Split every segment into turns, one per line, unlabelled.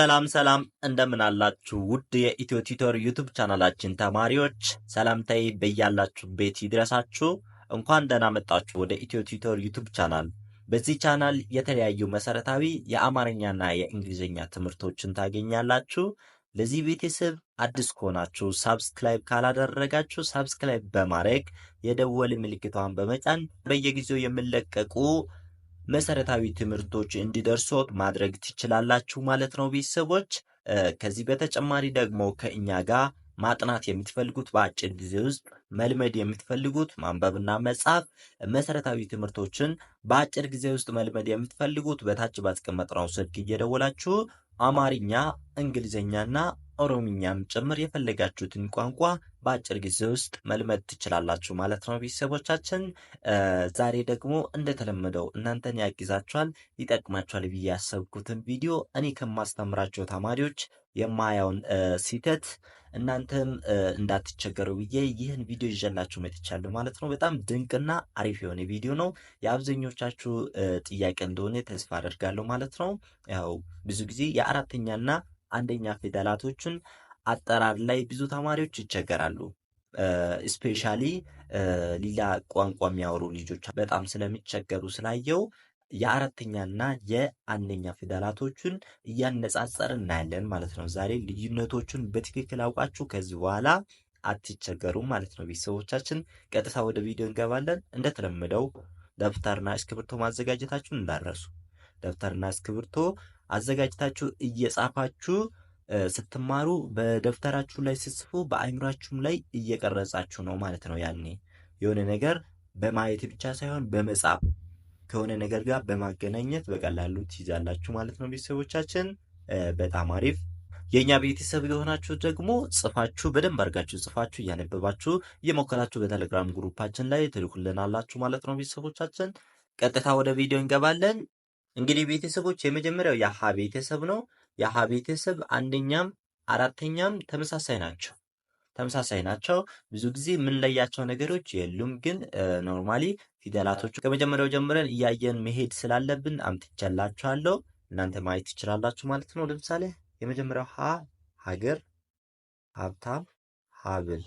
ሰላም ሰላም እንደምን አላችሁ? ውድ የኢትዮ ቲቶር ዩቱብ ቻናላችን ተማሪዎች ሰላምታዬ በያላችሁበት ይድረሳችሁ። እንኳን ደህና መጣችሁ ወደ ኢትዮ ቲቶር ዩቱብ ቻናል። በዚህ ቻናል የተለያዩ መሰረታዊ የአማርኛና የእንግሊዝኛ ትምህርቶችን ታገኛላችሁ። ለዚህ ቤተሰብ አዲስ ከሆናችሁ ሳብስክራይብ ካላደረጋችሁ ሳብስክራይብ በማድረግ የደወል ምልክቷን በመጫን በየጊዜው የምለቀቁ መሰረታዊ ትምህርቶች እንዲደርሶት ማድረግ ትችላላችሁ ማለት ነው ቤተሰቦች። ከዚህ በተጨማሪ ደግሞ ከእኛ ጋር ማጥናት የምትፈልጉት በአጭር ጊዜ ውስጥ መልመድ የምትፈልጉት ማንበብና መጻፍ መሰረታዊ ትምህርቶችን በአጭር ጊዜ ውስጥ መልመድ የምትፈልጉት በታች ባስቀመጥነው ስልክ እየደወላችሁ አማርኛ፣ እንግሊዝኛና ኦሮምኛም ጭምር የፈለጋችሁትን ቋንቋ በአጭር ጊዜ ውስጥ መልመድ ትችላላችሁ ማለት ነው። ቤተሰቦቻችን ዛሬ ደግሞ እንደተለመደው እናንተን ያግዛችኋል፣ ይጠቅማችኋል ብዬ ያሰብኩትን ቪዲዮ እኔ ከማስተምራቸው ተማሪዎች የማያውን ሲተት እናንተም እንዳትቸገሩ ብዬ ይህን ቪዲዮ ይዤላችሁ መጥቻለሁ ማለት ነው። በጣም ድንቅና አሪፍ የሆነ ቪዲዮ ነው። የአብዛኞቻችሁ ጥያቄ እንደሆነ ተስፋ አደርጋለሁ ማለት ነው። ያው ብዙ ጊዜ የአራተኛና አንደኛ ፊደላቶችን አጠራር ላይ ብዙ ተማሪዎች ይቸገራሉ። ስፔሻሊ ሌላ ቋንቋ የሚያወሩ ልጆች በጣም ስለሚቸገሩ ስላየው የአራተኛና የአንደኛ ፊደላቶቹን እያነጻጸር እናያለን ማለት ነው። ዛሬ ልዩነቶቹን በትክክል አውቃችሁ ከዚህ በኋላ አትቸገሩም ማለት ነው። ቤተሰቦቻችን ቀጥታ ወደ ቪዲዮ እንገባለን። እንደተለመደው ደብተርና እስክብርቶ ማዘጋጀታችሁን እንዳረሱ። ደብተርና እስክብርቶ አዘጋጅታችሁ እየጻፋችሁ ስትማሩ በደብተራችሁ ላይ ስትጽፉ በአይምራችሁም ላይ እየቀረጻችሁ ነው ማለት ነው። ያኔ የሆነ ነገር በማየት ብቻ ሳይሆን በመጻፍ ከሆነ ነገር ጋር በማገናኘት በቀላሉ ትይዛላችሁ ማለት ነው። ቤተሰቦቻችን በጣም አሪፍ የእኛ ቤተሰብ የሆናችሁ ደግሞ ጽፋችሁ በደንብ አድርጋችሁ ጽፋችሁ እያነበባችሁ እየሞከራችሁ በቴሌግራም ግሩፓችን ላይ ትልኩልናላችሁ ማለት ነው። ቤተሰቦቻችን ቀጥታ ወደ ቪዲዮ እንገባለን። እንግዲህ ቤተሰቦች የመጀመሪያው የሀ ቤተሰብ ነው። የሀ ቤተሰብ አንደኛም አራተኛም ተመሳሳይ ናቸው። ተመሳሳይ ናቸው። ብዙ ጊዜ የምንለያቸው ነገሮች የሉም። ግን ኖርማሊ ፊደላቶቹ ከመጀመሪያው ጀምረን እያየን መሄድ ስላለብን አምጥቼላችኋለሁ። እናንተ ማየት ትችላላችሁ ማለት ነው። ለምሳሌ የመጀመሪያው ሀ ሀገር፣ ሀብታም፣ ሀብል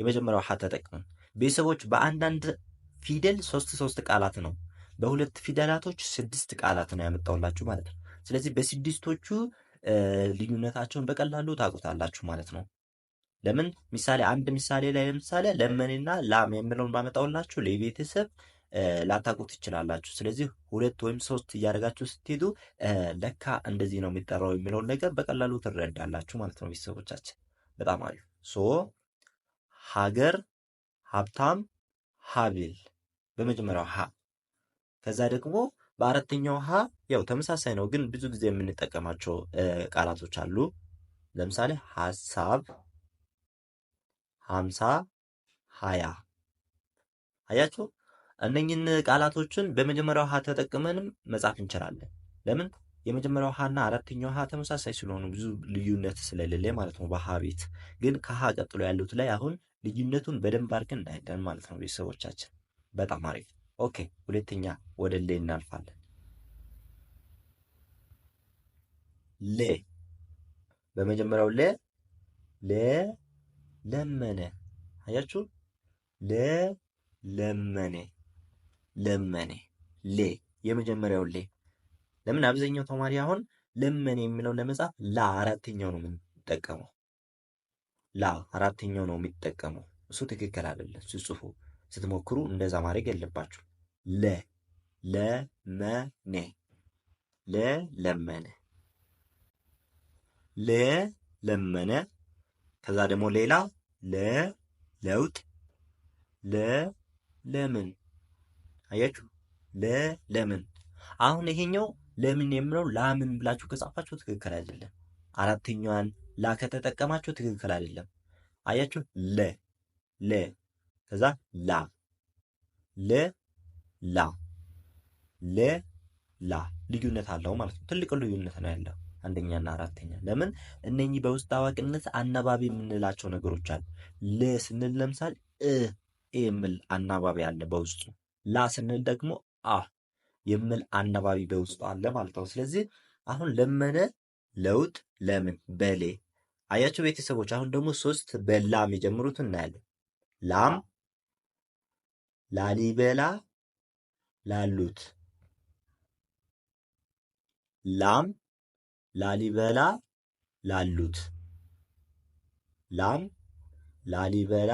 የመጀመሪያው ሀ ተጠቅመን ቤተሰቦች በአንዳንድ ፊደል ሶስት ሶስት ቃላት ነው በሁለት ፊደላቶች ስድስት ቃላት ነው ያመጣውላችሁ ማለት ነው። ስለዚህ በስድስቶቹ ልዩነታቸውን በቀላሉ ታውቁታላችሁ ማለት ነው። ለምን ምሳሌ አንድ ምሳሌ ላይ ለምሳሌ ለምንና ላም የሚለውን ባመጣውላችሁ ለቤተሰብ ላታቁት ትችላላችሁ። ስለዚህ ሁለት ወይም ሶስት እያደረጋችሁ ስትሄዱ ለካ እንደዚህ ነው የሚጠራው የሚለውን ነገር በቀላሉ ትረዳላችሁ ማለት ነው። ቤተሰቦቻችን በጣም አሪፍ ሶ ሀገር፣ ሀብታም፣ ሀቢል በመጀመሪያው ሀ ከዛ ደግሞ በአራተኛው ሀ ያው ተመሳሳይ ነው፣ ግን ብዙ ጊዜ የምንጠቀማቸው ቃላቶች አሉ። ለምሳሌ ሀሳብ ሃምሳ ሃያ አያችሁ እነኝን ቃላቶችን በመጀመሪያው ሀ ተጠቅመንም መጻፍ እንችላለን ለምን የመጀመሪያው ሀና አራተኛው ሀ ተመሳሳይ ስለሆኑ ብዙ ልዩነት ስለሌለ ማለት ነው በሀ ቤት ግን ከሀ ቀጥሎ ያሉት ላይ አሁን ልዩነቱን በደንብ አድርገን እናያለን ማለት ነው ቤተሰቦቻችን በጣም አሪፍ ኦኬ ሁለተኛ ወደ ሌ እናልፋለን ሌ በመጀመሪያው ሌ ሌ ለመነ። አያችሁ ለ ለመነ ለመነ ሌ የመጀመሪያው ሌ ለምን አብዛኛው ተማሪ አሁን ለመነ የሚለው ለመጻፍ ላ አራተኛው ነው የምንጠቀመው። ላ አራተኛው ነው የሚጠቀመው። እሱ ትክክል አይደለም። ሲጽፉ ስትሞክሩ እንደዛ ማድረግ ያለባችሁ ለ ለመነ ለ ለመነ ለ ለመነ ከዛ ደግሞ ሌላ ለለውጥ ለለምን አያችሁ ለለምን አሁን ይሄኛው ለምን የሚለው ላምን ብላችሁ ከጻፋችሁ ትክክል አይደለም። አራተኛዋን ላ ከተጠቀማችሁ ትክክል አይደለም። አያችሁ ለ ለ ከዛ ላ ለ ላ ለ ላ ልዩነት አለው ማለት ነው። ትልቅ ልዩነት ነው ያለው። አንደኛና አራተኛ። ለምን እነኚህ በውስጥ አዋቂነት አናባቢ የምንላቸው ነገሮች አሉ። ል ስንል ለምሳል እ የሚል አናባቢ አለ በውስጡ። ላ ስንል ደግሞ አ የሚል አናባቢ በውስጡ አለ ማለት ነው። ስለዚህ አሁን ለመነ፣ ለውጥ፣ ለምን፣ በሌ አያቸው ቤተሰቦች። አሁን ደግሞ ሶስት በላም የጀምሩት እናያለን። ላም፣ ላሊበላ፣ ላሉት ላም ላሊበላ ላሉት ላም ላሊበላ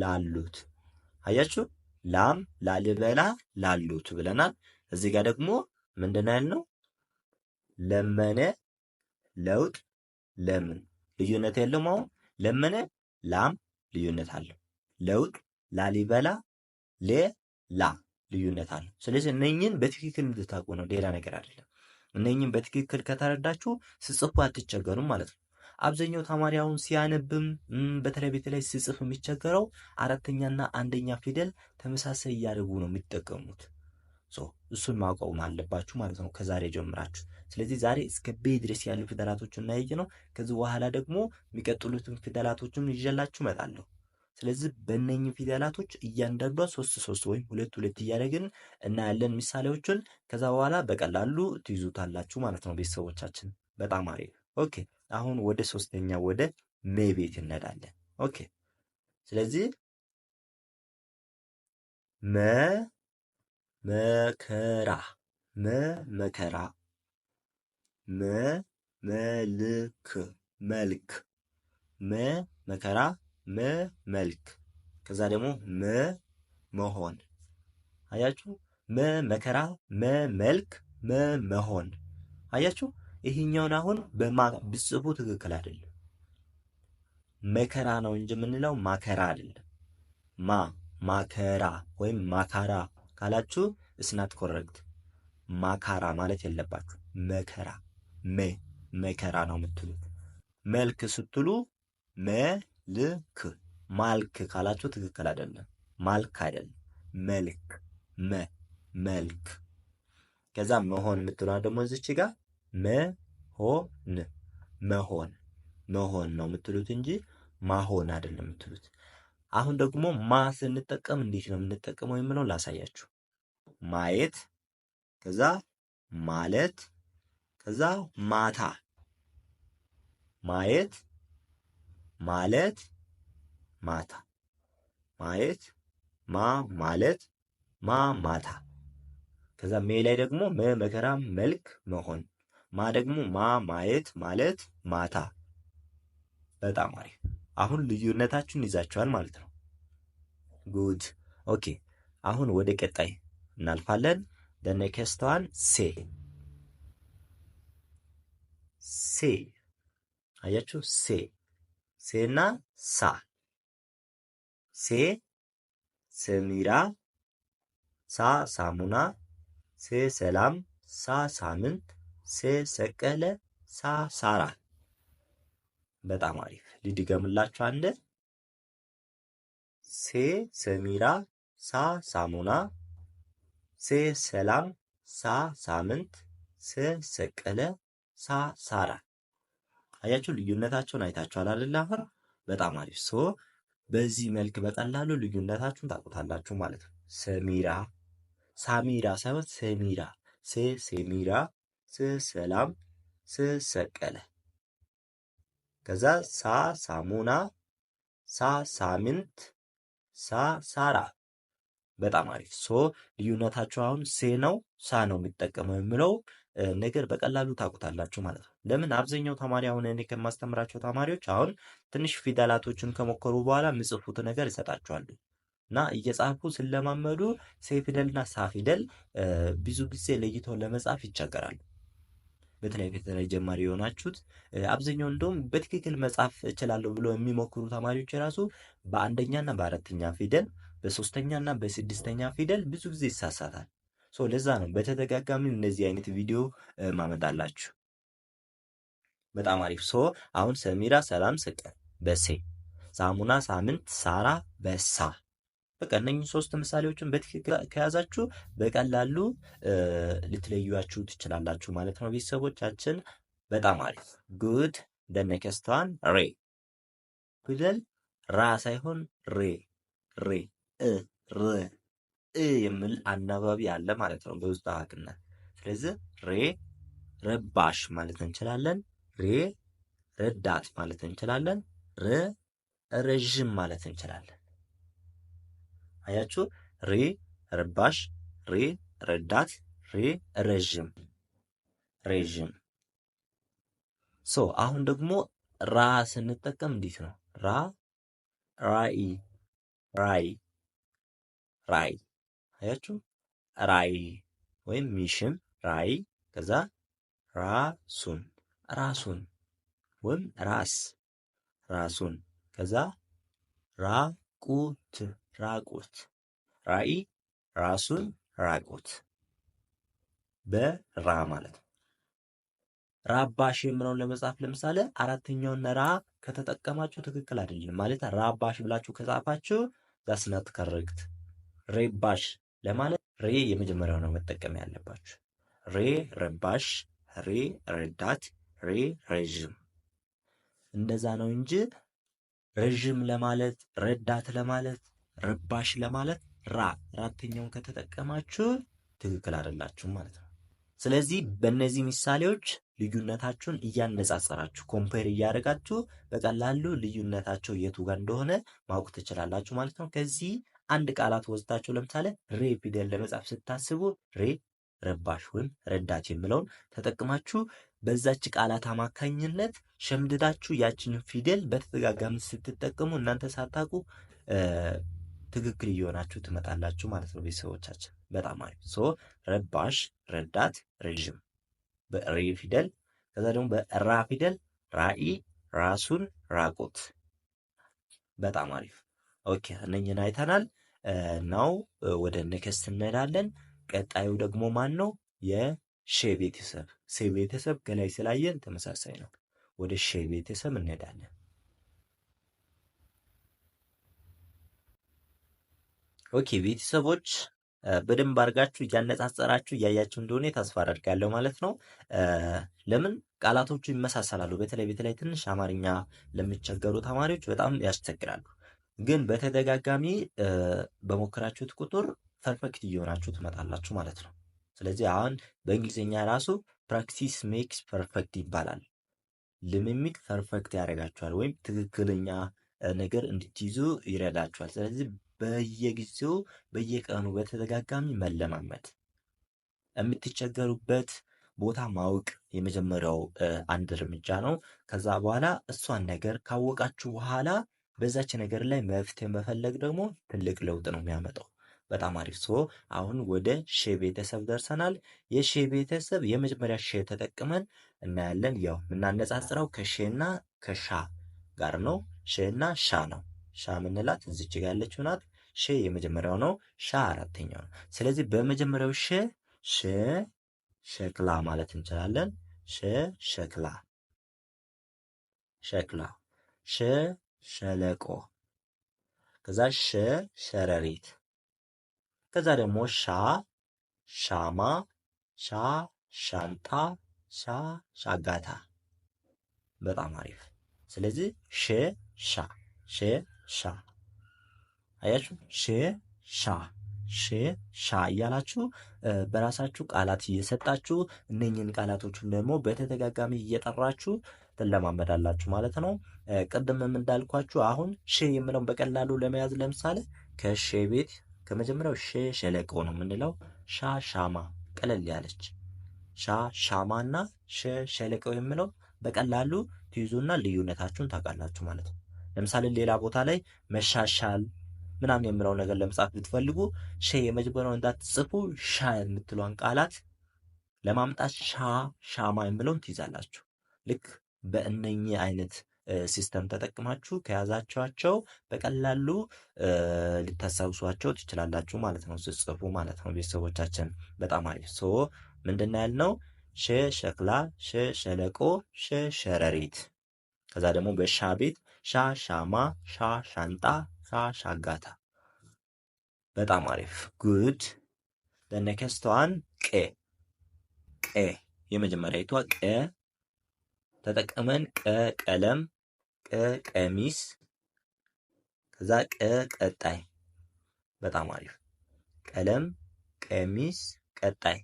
ላሉት አያችሁ ላም ላሊበላ ላሉት ብለናል። እዚህ ጋር ደግሞ ምንድን ያልነው ለመነ ለውጥ ለምን ልዩነት የለውም። አሁን ለመነ ላም ልዩነት አለው። ለውጥ ላሊበላ ሌላ ልዩነት አለው። ስለዚህ እነኝን በትክክል እንድታውቁ ነው፣ ሌላ ነገር አይደለም። እነኝም በትክክል ከተረዳችሁ ስጽፉ አትቸገሩም ማለት ነው። አብዛኛው ተማሪ አሁን ሲያነብም በተለይ ቤት ላይ ስጽፍ የሚቸገረው አራተኛና አንደኛ ፊደል ተመሳሳይ እያደረጉ ነው የሚጠቀሙት። እሱን ማቆም አለባችሁ ማለት ነው ከዛሬ ጀምራችሁ። ስለዚህ ዛሬ እስከ ቤ ድረስ ያሉ ፊደላቶችን እናያየ ነው። ከዚህ በኋላ ደግሞ የሚቀጥሉትን ፊደላቶችም ይዤላችሁ እመጣለሁ። ስለዚህ በእነኝህ ፊደላቶች እያንዳንዷ ሶስት ሶስት ወይም ሁለት ሁለት እያደረግን እናያለን ምሳሌዎችን። ከዛ በኋላ በቀላሉ ትይዙታላችሁ ማለት ነው ቤተሰቦቻችን። በጣም አሪፍ ኦኬ። አሁን ወደ ሶስተኛ ወደ ሜ ቤት እንሄዳለን። ኦኬ ስለዚህ መ መከራ መ መከራ መ መልክ መልክ መ መከራ መ መልክ ከዛ ደግሞ መ መሆን አያችሁ። መልክ፣ መ መመሆን አያችሁ። ይሄኛውን አሁን ብጽፉ ትክክል አይደለም። መከራ ነው እንጂ የምንለው ማከራ አይደለም። ማ ማከራ ወይም ማካራ ካላችሁ እስናት ኮረክት ማካራ ማለት የለባችሁ። መከራ መ መከራ ነው የምትሉት። መልክ ስትሉ መ ልክ ማልክ ካላችሁ ትክክል አይደለም። ማልክ አይደለም፣ መልክ መ መልክ። ከዛ መሆን የምትለዋ ደግሞ እዚች ጋር መሆን መሆን መሆን ነው የምትሉት እንጂ ማሆን አይደለም የምትሉት። አሁን ደግሞ ማ ስንጠቀም እንዴት ነው የምንጠቀመው የምለው ላሳያችሁ። ማየት ከዛ ማለት ከዛ ማታ ማየት ማለት ማታ ማየት ማ ማለት ማ ማታ። ከዛ ሜ ላይ ደግሞ መ መከራ መልክ መሆን ማ ደግሞ ማ ማየት ማለት ማታ። በጣም አሪፍ። አሁን ልዩነታችሁን ይዛችኋል ማለት ነው። ጉድ ኦኬ። አሁን ወደ ቀጣይ እናልፋለን። ደነከስተዋን ሴ ሴ አያችሁ ሴ ሴና ሳ ሴ ሰሚራ ሳ ሳሙና ሴ ሰላም ሳ ሳምንት ሴ ሰቀለ ሳ ሳራ በጣም አሪፍ ልድገምላችሁ አንደ ሴ ሰሚራ ሳ ሳሙና ሴ ሰላም ሳ ሳምንት ሴ ሰቀለ ሳ ሳራ አያችሁ ልዩነታቸውን አይታችኋል አይደል? አሁን በጣም አሪፍ ሶ በዚህ መልክ በቀላሉ ልዩነታችሁን ታውቁታላችሁ ማለት ነው። ሰሚራ ሳሚራ ሳይሆን ሰሚራ ሴ ሰሚራ ሴ ሰላም ሴ ሰቀለ ከዛ ሳ ሳሙና ሳ ሳምንት ሳ ሳራ በጣም አሪፍ ሶ ልዩነታቸው አሁን ሴ ነው ሳ ነው የሚጠቀመው የምለው ነገር በቀላሉ ታውቁታላችሁ ማለት ነው። ለምን አብዛኛው ተማሪ አሁን እኔ ከማስተምራቸው ተማሪዎች አሁን ትንሽ ፊደላቶችን ከሞከሩ በኋላ የሚጽፉት ነገር ይሰጣቸዋሉ እና እየጻፉ ስለማመዱ ሴፊደልና ሳፊደል ብዙ ጊዜ ለይተው ለመጻፍ ይቸገራሉ። በተለይ በተለይ ጀማሪ የሆናችሁት አብዛኛው እንደውም በትክክል መጻፍ እችላለሁ ብሎ የሚሞክሩ ተማሪዎች የራሱ በአንደኛና በአራተኛ ፊደል በሶስተኛና በስድስተኛ ፊደል ብዙ ጊዜ ይሳሳታል። ሶ ለዛ ነው በተደጋጋሚ እነዚህ አይነት ቪዲዮ ማመጣላችሁ። በጣም አሪፍ ሶ አሁን ሰሚራ ሰላም ስቀን በሴ ሳሙና ሳምንት ሳራ በሳ በቃ እነኝህ ሶስት ምሳሌዎችን በትክክል ከያዛችሁ በቀላሉ ልትለዩችሁ ትችላላችሁ ማለት ነው። ቤተሰቦቻችን በጣም አሪፍ ጉድ ደነከስቷን ሬ ፊደል ራ ሳይሆን ሬ ሬ እ ሬ እ የሚል አናባቢ አለ ማለት ነው በውስጥ አዋቂነት ስለዚህ ሬ ረባሽ ማለት እንችላለን። ሬ ረዳት ማለት እንችላለን። ረ ረዥም ማለት እንችላለን። አያችሁ፣ ሬ ረባሽ፣ ሬ ረዳት፣ ሬ ረዥም ረዥም። ሶ አሁን ደግሞ ራ ስንጠቀም እንዴት ነው? ራ ራይ ራይ ራይ አያችሁ? ራይ ወይም ሚሽን ራይ፣ ከዛ ራሱን ራሱን ወይም ራስ ራሱን፣ ከዛ ራቁት ራቁት፣ ራእይ ራሱን ራቁት በራ ማለት ነው። ራባሽ የምለውን ለመጻፍ ለምሳሌ አራተኛውን ራ ከተጠቀማችሁ ትክክል አይደለም። ማለት ራባሽ ብላችሁ ከጻፋችሁ ዛስናት ከረግት ሬባሽ ለማለት ሬ የመጀመሪያው ነው መጠቀም ያለባችሁ። ሬ ረባሽ፣ ሬ ረዳት፣ ሬ ረዥም እንደዛ ነው እንጂ ረዥም ለማለት ረዳት ለማለት ረባሽ ለማለት ራ አራተኛውን ከተጠቀማችሁ ትክክል አይደላችሁም ማለት ነው። ስለዚህ በእነዚህ ምሳሌዎች ልዩነታችሁን እያነጻጸራችሁ ኮምፔር እያደረጋችሁ በቀላሉ ልዩነታቸው የቱ ጋር እንደሆነ ማወቅ ትችላላችሁ ማለት ነው ከዚህ አንድ ቃላት ወስዳችሁ ለምሳሌ ሬ ፊደል ለመጻፍ ስታስቡ ሬ ረባሽ ወይም ረዳት የምለውን ተጠቅማችሁ በዛች ቃላት አማካኝነት ሸምድዳችሁ ያችንን ፊደል በተደጋጋሚ ስትጠቀሙ እናንተ ሳታውቁ ትክክል እየሆናችሁ ትመጣላችሁ ማለት ነው። ቤተሰቦቻችን በጣም አሪፍ ሶ ረባሽ፣ ረዳት፣ ረዥም በሬ ፊደል ከዛ ደግሞ በራ ፊደል ራኢ፣ ራሱን፣ ራቁት በጣም አሪፍ ኦኬ እነኝን አይተናል። ናው ወደ ኔክስት እንሄዳለን። ቀጣዩ ደግሞ ማን ነው? የሼ ቤተሰብ። ሴ ቤተሰብ ከላይ ስላየን ተመሳሳይ ነው። ወደ ሼ ቤተሰብ እንሄዳለን። ኦኬ ቤተሰቦች በደንብ አድርጋችሁ እያነጻጸራችሁ እያያችሁ እንደሆነ ተስፋ አደርጋለሁ ማለት ነው። ለምን ቃላቶቹ ይመሳሰላሉ። በተለይ በተለይ ትንሽ አማርኛ ለሚቸገሩ ተማሪዎች በጣም ያስቸግራሉ። ግን በተደጋጋሚ በሞከራችሁት ቁጥር ፐርፌክት እየሆናችሁ ትመጣላችሁ ማለት ነው። ስለዚህ አሁን በእንግሊዝኛ ራሱ ፕራክቲስ ሜክስ ፐርፌክት ይባላል። ልምምድ ፐርፌክት ያደርጋችኋል ወይም ትክክለኛ ነገር እንድትይዙ ይረዳችኋል። ስለዚህ በየጊዜው በየቀኑ በተደጋጋሚ መለማመድ፣ የምትቸገሩበት ቦታ ማወቅ የመጀመሪያው አንድ እርምጃ ነው። ከዛ በኋላ እሷን ነገር ካወቃችሁ በኋላ በዛች ነገር ላይ መፍትሄ መፈለግ ደግሞ ትልቅ ለውጥ ነው የሚያመጣው። በጣም አሪፍ ሶ አሁን ወደ ሼ ቤተሰብ ደርሰናል። የሼ ቤተሰብ የመጀመሪያ ሼ ተጠቅመን እናያለን። ያው የምናነጻጽረው ከሼና ከሻ ጋር ነው። ሼና ሻ ነው። ሻ ምንላት እዚች ጋ ያለችው ናት። ሼ የመጀመሪያው ነው። ሻ አራተኛው ነው። ስለዚህ በመጀመሪያው ሼ ሼ ሸክላ ማለት እንችላለን። ሸ ሸክላ ሸክላ ሸ ሸለቆ ከዛ ሸ ሸረሪት ከዛ ደግሞ ሻ ሻማ ሻ ሻንጣ ሻ ሻጋታ። በጣም አሪፍ። ስለዚህ ሸ ሻ ሸ ሻ አያችሁ፣ ሸ ሻ ሸ ሻ እያላችሁ በራሳችሁ ቃላት እየሰጣችሁ እነኝህን ቃላቶቹን ደግሞ በተደጋጋሚ እየጠራችሁ ትለማመዳላችሁ ማለት ነው። ቅድምም እንዳልኳችሁ አሁን ሼ የምለውን በቀላሉ ለመያዝ ለምሳሌ ከሼ ቤት ከመጀመሪያው ሼ ሸለቆ ነው የምንለው። ሻ ሻማ፣ ቀለል ያለች ሻ ሻማ እና ሸ ሸለቆ የምለው በቀላሉ ትይዙና ልዩነታችሁን ታውቃላችሁ ማለት ነው። ለምሳሌ ሌላ ቦታ ላይ መሻሻል ምናምን የምለው ነገር ለመጻፍ ብትፈልጉ ሸ የመጀመሪያው እንዳትጽፉ ሻ የምትሏን ቃላት ለማምጣት ሻ ሻማ የምለውን ትይዛላችሁ ልክ በእነኚህ አይነት ሲስተም ተጠቅማችሁ ከያዛችኋቸው በቀላሉ ልታስታውሷቸው ትችላላችሁ ማለት ነው፣ ስጽፉ ማለት ነው። ቤተሰቦቻችን በጣም አሪፍ ሶ ምንድን ያልነው ሸ ሸክላ፣ ሸ ሸለቆ፣ ሸ ሸረሪት ከዛ ደግሞ በሻ ቤት ሻ ሻማ፣ ሻ ሻንጣ፣ ሻ ሻጋታ። በጣም አሪፍ ጉድ። ለነከስተዋን ቄ የመጀመሪያ ይቷ ቄ ተጠቀመን ቀ ቀለም ቀ ቀሚስ ከዛ ቀ ቀጣይ። በጣም አሪፍ ቀለም፣ ቀሚስ፣ ቀጣይ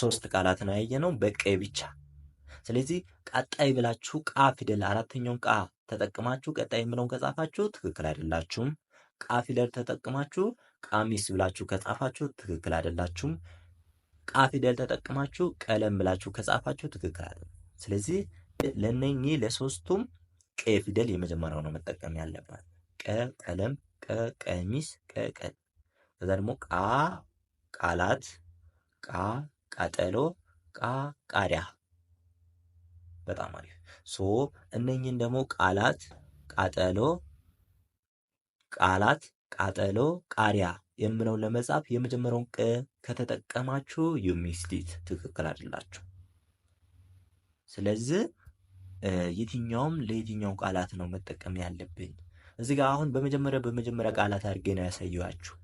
ሶስት ቃላትን አየነው ነው በቀ ብቻ። ስለዚህ ቀጣይ ብላችሁ ቃ ፊደል አራተኛውን ቃ ተጠቅማችሁ ቀጣይ የምለውን ከጻፋችሁ ትክክል አይደላችሁም። ቃ ፊደል ተጠቅማችሁ ቀሚስ ብላችሁ ከጻፋችሁ ትክክል አይደላችሁም። ቃ ፊደል ተጠቅማችሁ ቀለም ብላችሁ ከጻፋችሁ ትክክል አይደለም። ስለዚህ ለነኚህ ለሶስቱም ቀ ፊደል የመጀመሪያው ነው መጠቀም ያለባት። ቀ ቀለም፣ ቀ ቀሚስ፣ ቀ ቀል። ከዛ ደግሞ ቃ ቃላት፣ ቃ ቃጠሎ፣ ቃ ቃሪያ። በጣም አሪፍ ሶ እነኚህን ደግሞ ቃላት፣ ቃጠሎ፣ ቃላት፣ ቃጠሎ፣ ቃሪያ የምለውን ለመጻፍ የመጀመሪያውን ቀ ከተጠቀማችሁ ዩ ትክክል አይደላችሁ። ስለዚህ የትኛውም ለየትኛው ቃላት ነው መጠቀም ያለብኝ። እዚህ ጋር አሁን በመጀመሪያ በመጀመሪያ ቃላት አድርጌ ነው ያሳየኋችሁ።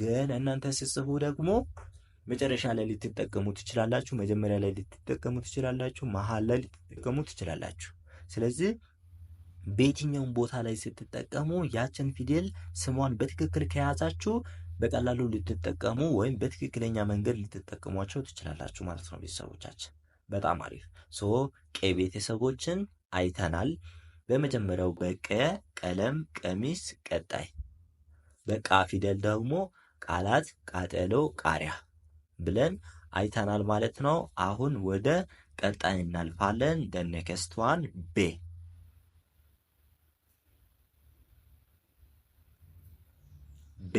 ግን እናንተ ስጽፉ ደግሞ መጨረሻ ላይ ልትጠቀሙ ትችላላችሁ፣ መጀመሪያ ላይ ልትጠቀሙ ትችላላችሁ፣ መሀል ላይ ልትጠቀሙ ትችላላችሁ። ስለዚህ በየትኛውም ቦታ ላይ ስትጠቀሙ ያችን ፊደል ስሟን በትክክል ከያዛችሁ በቀላሉ ልትጠቀሙ ወይም በትክክለኛ መንገድ ልትጠቀሟቸው ትችላላችሁ ማለት ነው ቤተሰቦቻችን። በጣም አሪፍ ሶ ቄ ቤተሰቦችን አይተናል። በመጀመሪያው በቀ ቀለም፣ ቀሚስ፣ ቀጣይ። በቃ ፊደል ደግሞ ቃላት፣ ቃጠሎ፣ ቃሪያ ብለን አይተናል ማለት ነው። አሁን ወደ ቀጣይ እናልፋለን። ደነከስቷን ቤ ቤ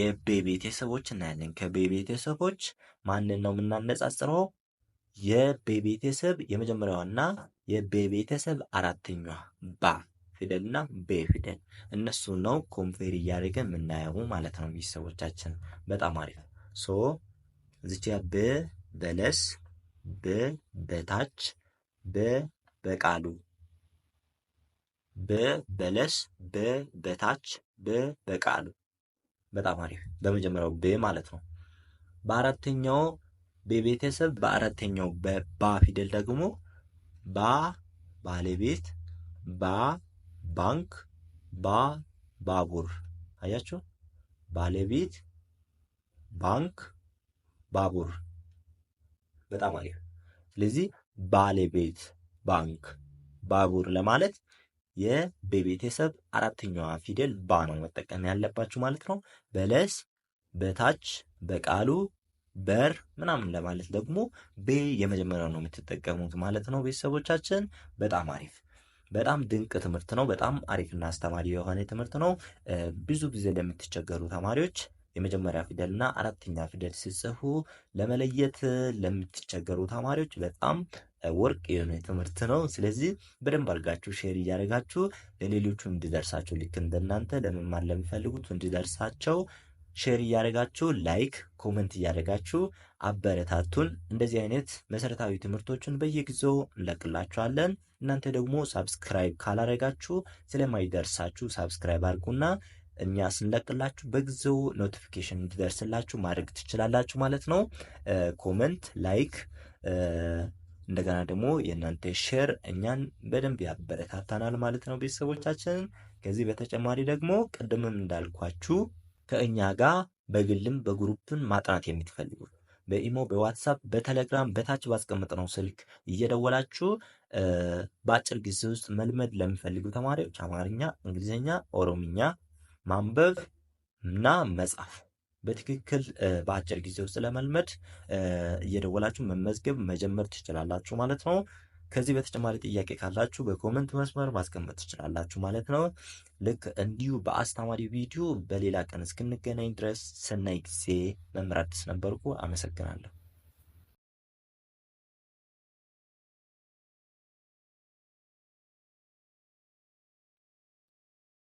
የቤ ቤተሰቦች እናያለን። ከቤ ቤተሰቦች ማንን ነው የምናነጻጽረው? የቤተሰብ የመጀመሪያዋና የቤቤተሰብ አራተኛዋ ባ ፊደልና ቤ ፊደል እነሱ ነው ኮምፔር እያደረገ የምናየው ማለት ነው። ቤተሰቦቻችን በጣም አሪፍ ሶ እዚች ብ በለስ ብ በታች በ በቃሉ በ በለስ በ በታች በ በቃሉ በጣም አሪፍ በመጀመሪያው ብ ማለት ነው። በአራተኛው በቤተሰብ በአራተኛው በባ ፊደል ደግሞ ባ ባለቤት፣ ባ ባንክ፣ ባ ባቡር። አያችሁ? ባለቤት፣ ባንክ፣ ባቡር። በጣም አሪፍ። ስለዚህ ባለቤት፣ ባንክ፣ ባቡር ለማለት የቤተሰብ አራተኛዋ ፊደል ባ ነው መጠቀም ያለባችሁ ማለት ነው። በለስ በታች በቃሉ በር ምናምን ለማለት ደግሞ ቤ የመጀመሪያው ነው የምትጠቀሙት ማለት ነው። ቤተሰቦቻችን በጣም አሪፍ በጣም ድንቅ ትምህርት ነው። በጣም አሪፍና አስተማሪ የሆነ ትምህርት ነው። ብዙ ጊዜ ለምትቸገሩ ተማሪዎች የመጀመሪያ ፊደልና አራተኛ ፊደል ሲጽፉ ለመለየት ለምትቸገሩ ተማሪዎች በጣም ወርቅ የሆነ ትምህርት ነው። ስለዚህ በደንብ አድርጋችሁ ሼር እያደረጋችሁ ለሌሎቹ እንዲደርሳቸው ልክ እንደናንተ ለመማር ለሚፈልጉት እንዲደርሳቸው ሼር እያደረጋችሁ ላይክ ኮመንት እያደረጋችሁ አበረታቱን። እንደዚህ አይነት መሰረታዊ ትምህርቶችን በየጊዜው እንለቅላችኋለን። እናንተ ደግሞ ሳብስክራይብ ካላረጋችሁ ስለማይደርሳችሁ ሳብስክራይብ አድርጉና እኛ ስንለቅላችሁ በጊዜው ኖቲፊኬሽን እንዲደርስላችሁ ማድረግ ትችላላችሁ ማለት ነው። ኮመንት፣ ላይክ እንደገና ደግሞ የእናንተ ሼር እኛን በደንብ ያበረታታናል ማለት ነው። ቤተሰቦቻችን ከዚህ በተጨማሪ ደግሞ ቅድምም እንዳልኳችሁ ከእኛ ጋር በግልም በግሩፕን ማጥናት የምትፈልጉ በኢሞ በዋትሳፕ በቴሌግራም በታች ባስቀመጥነው ስልክ እየደወላችሁ በአጭር ጊዜ ውስጥ መልመድ ለሚፈልጉ ተማሪዎች አማርኛ፣ እንግሊዝኛ፣ ኦሮምኛ ማንበብ እና መጻፍ በትክክል በአጭር ጊዜ ውስጥ ለመልመድ እየደወላችሁ መመዝገብ መጀመር ትችላላችሁ ማለት ነው። ከዚህ በተጨማሪ ጥያቄ ካላችሁ በኮመንት መስመር ማስቀመጥ ትችላላችሁ ማለት ነው። ልክ እንዲሁ በአስተማሪ ቪዲዮ በሌላ ቀን እስክንገናኝ ድረስ ሰናይ ጊዜ። መምህር አዲስ ነበርኩ። አመሰግናለሁ።